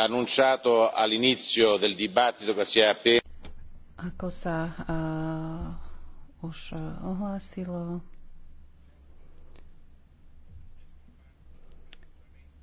annunciato all'inizio del dibattito che si è appena ako sa a, už ohlásilo,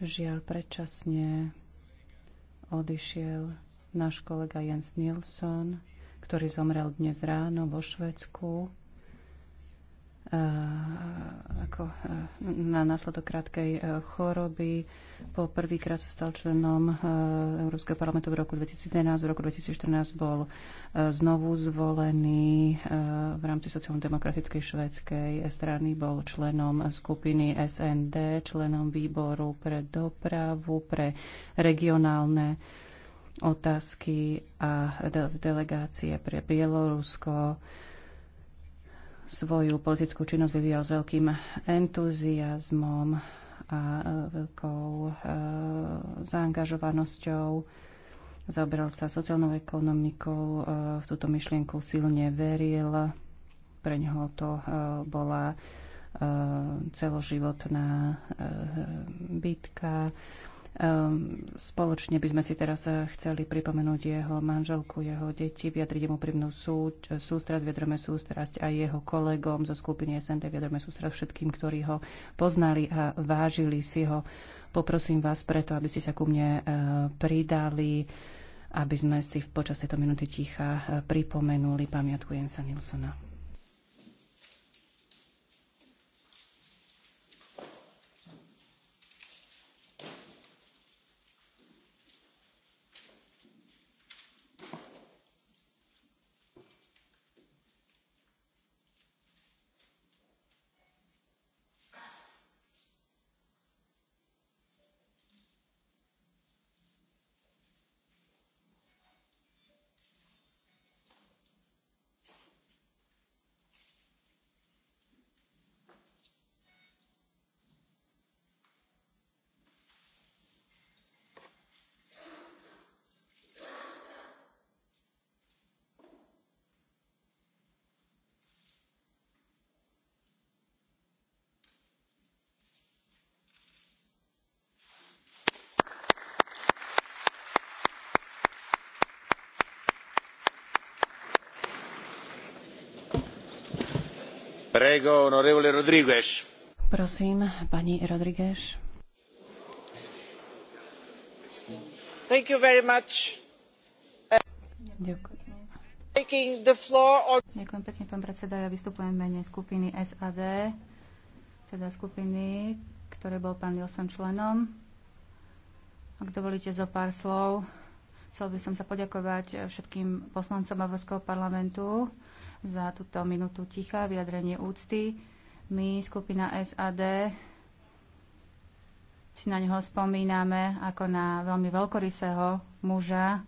žiaľ predčasne odišiel náš kolega Jens Nilsson, ktorý zomrel dnes ráno vo Švedsku. Eh, ako eh, na následok krátkej eh, choroby. Po prvýkrát sa stal členom Európskeho parlamentu v roku 2011, v roku 2014 bol znovu zvolený v rámci sociálno-demokratickej švedskej strany, bol členom skupiny SND, členom výboru pre dopravu, pre regionálne otázky a delegácie pre Bielorusko svoju politickú činnosť vyvíjal s veľkým entuziasmom a e, veľkou e, zaangažovanosťou. Zaoberal sa sociálnou ekonomikou, e, v túto myšlienku silne veril. Pre neho to e, bola e, celoživotná e, bitka. Ehm, spoločne by sme si teraz eh, chceli pripomenúť jeho manželku, jeho deti, vyjadriť mu prímnu eh, sústrasť, vyjadrujeme sústrasť aj jeho kolegom zo skupiny SND, vyjadrujeme sústrasť všetkým, ktorí ho poznali a vážili si ho. Poprosím vás preto, aby ste sa ku mne eh, pridali, aby sme si počas tejto minúty ticha pripomenuli pamiatku Jensa Nilsona. Prosím, pani Rodriguez. Ďakujem. pekne, pán predseda. Ja vystupujem v mene skupiny SAD, teda skupiny, ktoré bol pán Nilsson členom. Ak dovolíte zo pár slov, chcel by som sa poďakovať všetkým poslancom Európskeho parlamentu za túto minútu ticha, vyjadrenie úcty. My, skupina SAD, si na neho spomíname ako na veľmi veľkorysého muža,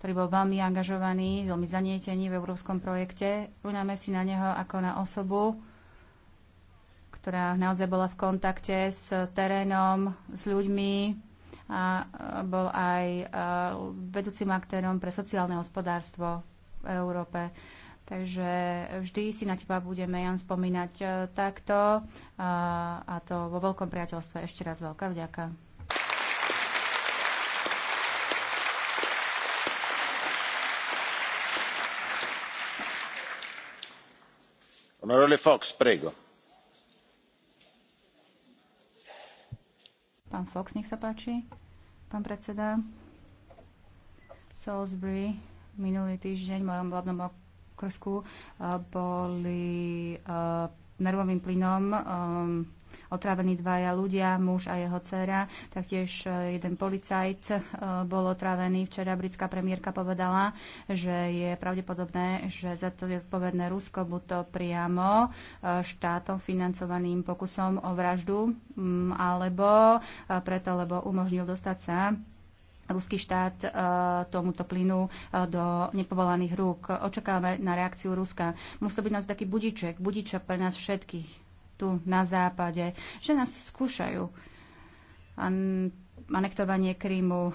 ktorý bol veľmi angažovaný, veľmi zanietený v európskom projekte. Spomíname si na neho ako na osobu, ktorá naozaj bola v kontakte s terénom, s ľuďmi a bol aj vedúcim aktérom pre sociálne hospodárstvo v Európe. Takže vždy si na teba budeme, Jan, spomínať e, takto a a to vo veľkom priateľstve. Ešte raz veľká vďaka. Honorable Fox, prego. Pán Fox, nech sa páči. Pán predseda. Salisbury minulý týždeň v mojom hlavnom Krsku eh, boli eh, nervovým plynom eh, otrávení dvaja ľudia, muž a jeho dcera, taktiež jeden policajt bol otrávený. Včera britská premiérka povedala, že je pravdepodobné, že za to je Rusko, buď to priamo štátom financovaným pokusom o vraždu, mm, alebo preto, lebo umožnil dostať sa ruský štát e, tomuto plynu e, do nepovolaných rúk. Očakávame na reakciu Ruska. Musí to byť nás taký budiček, budiček pre nás všetkých tu na západe, že nás skúšajú. An- anektovanie Krímu, e,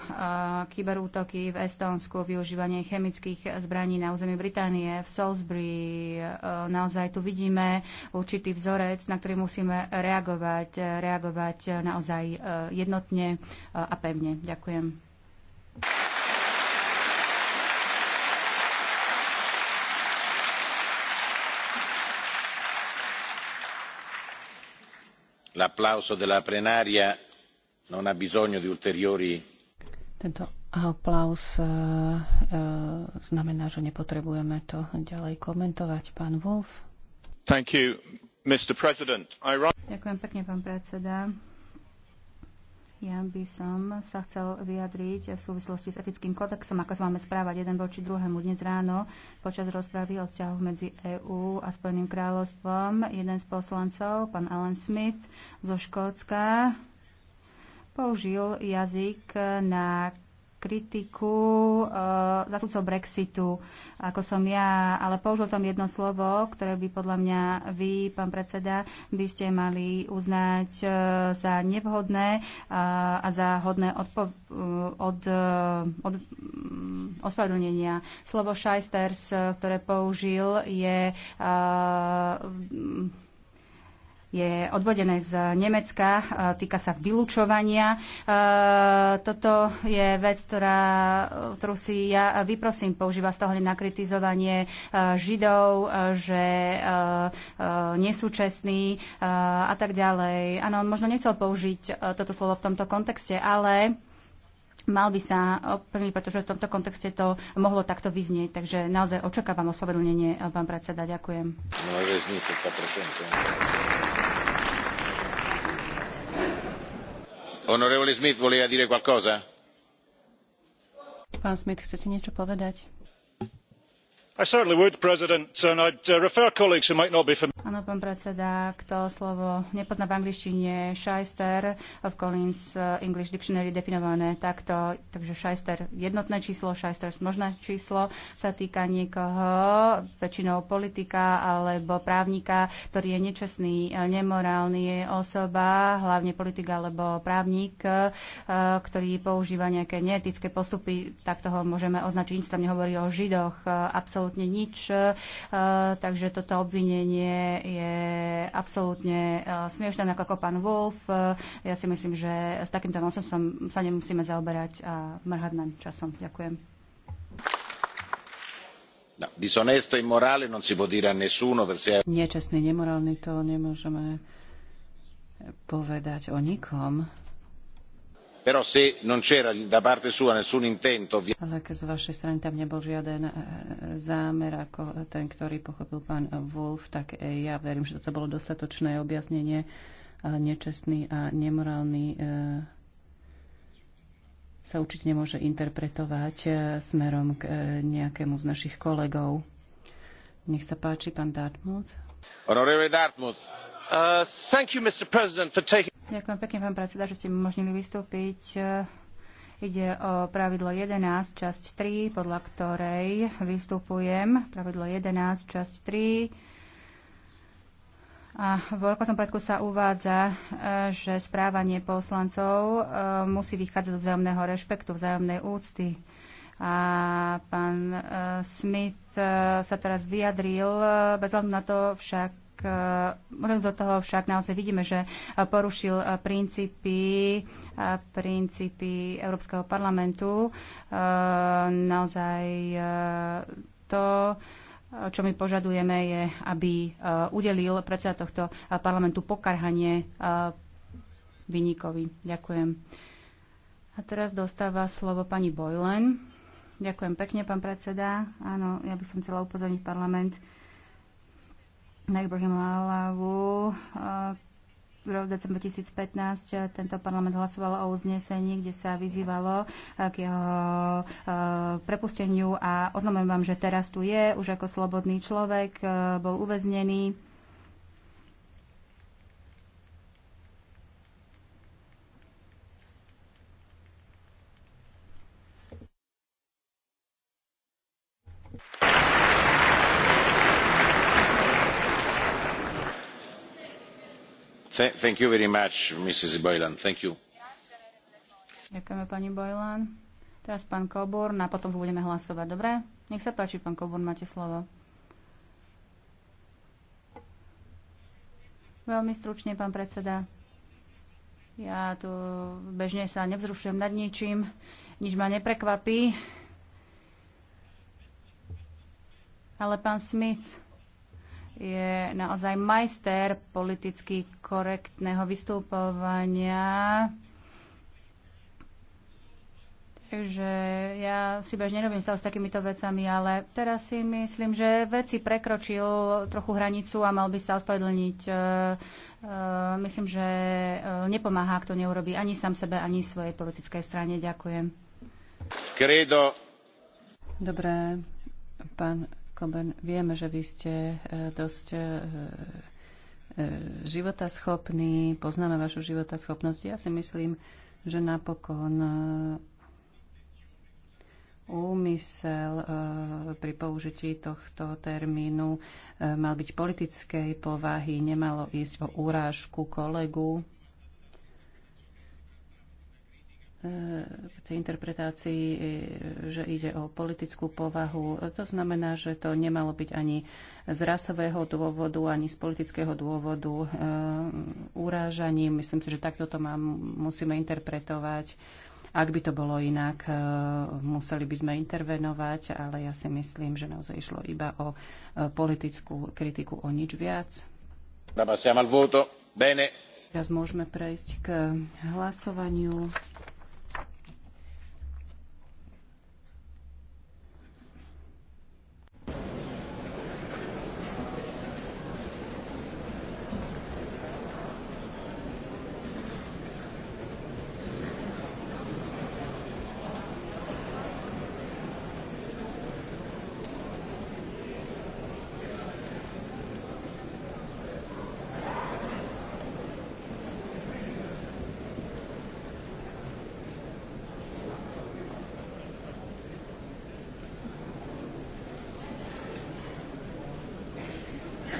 kyberútoky v Estónsku, využívanie chemických zbraní na území Británie, v Salisbury. Naozaj tu vidíme určitý vzorec, na ktorý musíme reagovať, reagovať naozaj jednotne a pevne. Ďakujem. l'applauso della plenaria non ha bisogno di ulteriori. Tento aplaus e, znamená, že nepotrebujeme to ďalej komentovať. Pán Wolf. Thank you, Mr. President. I... Ďakujem pekne, pán predseda. Ja by som sa chcel vyjadriť v súvislosti s etickým kodexom, ako sa máme správať jeden voči druhému dnes ráno počas rozpravy o vzťahoch medzi EÚ a Spojeným kráľovstvom. Jeden z poslancov, pán Alan Smith zo Škótska, použil jazyk, na kritiku uh, eh, zastupcov Brexitu, ako som ja, ale použil tam jedno slovo, ktoré by podľa mňa vy, pán predseda, by ste mali uznať uh, za nevhodné uh, a za hodné odpo- uh, od, uh, od um, ospravedlnenia. Slovo šajsters, uh, ktoré použil, je uh, je odvodené z Nemecka, týka sa vylúčovania. Toto je vec, ktorá, ktorú si ja vyprosím, používa stále na kritizovanie e, Židov, e, že e, nie čestní a tak ďalej. Áno, on možno nechcel použiť toto slovo v tomto kontexte, ale mal by sa opevniť, pretože v tomto kontexte to mohlo takto vyznieť. Takže naozaj očakávam ospravedlnenie, pán predseda. Ďakujem. No, Onorevole Smith, voleva dire qualcosa? Pán Smith, chcete niečo povedať? i certainly would president and i would uh, refer colleagues who might not be familiar pán predseda. Kto slovo nepozná v angličtine, shyster, v Collins eh, English Dictionary definované takto, takže shyster jednotné číslo, shyster možné číslo, sa týka niekoho, väčšinou politika alebo právnika, ktorý je nečestný, eh, nemorálny, je osoba, hlavne politik alebo právnik, eh, ktorý používa nejaké neetické postupy, tak toho môžeme označiť. Nič tam nehovorí o Židoch, absolútne nič. Takže toto obvinenie je absolútne eh, smiešná, ako pán Wolf. Eh, ja si myslím, že s takýmto nonsensom sa nemusíme zaoberať a mrhať nám časom. Ďakujem. No, disonesto, immorale non si può dire a nessuno. Nečestný, nemorálny to nemôžeme povedať o nikom però se non c'era da parte sua nessun intento Ale z vašej strany tam nebol žiaden eh, eh, zámer ako ten, ktorý pochopil pán Wolf, tak eh, ja verím, že toto bolo dostatočné objasnenie nečestný a nemorálny sa určite nemôže interpretovať smerom k nejakému z našich kolegov. Nech sa páči, pán Dartmouth. Honorable Dartmouth. Uh, thank you, Mr. President, for taking... Ďakujem pekne, pán predseda, že ste mi umožnili vystúpiť. Eh, ide o pravidlo 11, časť 3, podľa ktorej vystupujem. Pravidlo 11, časť 3. A v rokovacom predku sa uvádza, eh, že správanie poslancov eh, musí vychádzať z vzájomného rešpektu, vzájomnej úcty. A pán Smith sa teraz vyjadril, bez hľadu na to však tak e, do toho však naozaj vidíme, že e, porušil e, princípy, princípy Európskeho parlamentu. Naozaj to, čo my požadujeme, je, aby udelil predseda tohto parlamentu pokarhanie vyníkovi. Ďakujem. A teraz dostáva slovo pani Bojlen. Ďakujem pekne, pán predseda. Áno, ja by som chcela upozorniť parlament na Ibrahim Lálavu, eh, v roku 2015 eh, tento parlament hlasoval o uznesení, kde sa vyzývalo eh, k jeho prepusteniu a oznamujem vám, že teraz tu je, už ako slobodný človek, bol uväznený. Th Ďakujeme, pani Boylan. Teraz pán Koburn no a potom budeme hlasovať. Dobre? Nech sa páči, pán Koburn, máte slovo. Veľmi stručne, pán predseda. Ja tu bežne sa nevzrušujem nad ničím, nič ma neprekvapí. Ale pán Smith, je naozaj majster politicky korektného vystupovania. Takže ja si bežne nerobím stále s takýmito vecami, ale teraz si myslím, že veci prekročil trochu hranicu a mal by sa ospravedlniť. E, e, myslím, že e, nepomáha, ak to neurobi ani sám sebe, ani svojej politickej strane. Ďakujem. Credo. Dobre, pán Coben, vieme, že vy ste e, dosť e, e, životaschopní, poznáme vašu schopnosť. Ja si myslím, že napokon úmysel pri použití tohto termínu mal byť politickej povahy, nemalo ísť o úrážku kolegu Eh, tej interpretácii, eh, že ide o politickú povahu. To znamená, že to nemalo byť ani z rasového dôvodu, ani z politického dôvodu eh, urážaním. Myslím si, že takto to mám, musíme interpretovať. Ak by to bolo inak, museli by sme intervenovať, ale ja si myslím, že naozaj išlo iba o politickú kritiku, o nič viac. Teraz môžeme prejsť k hlasovaniu.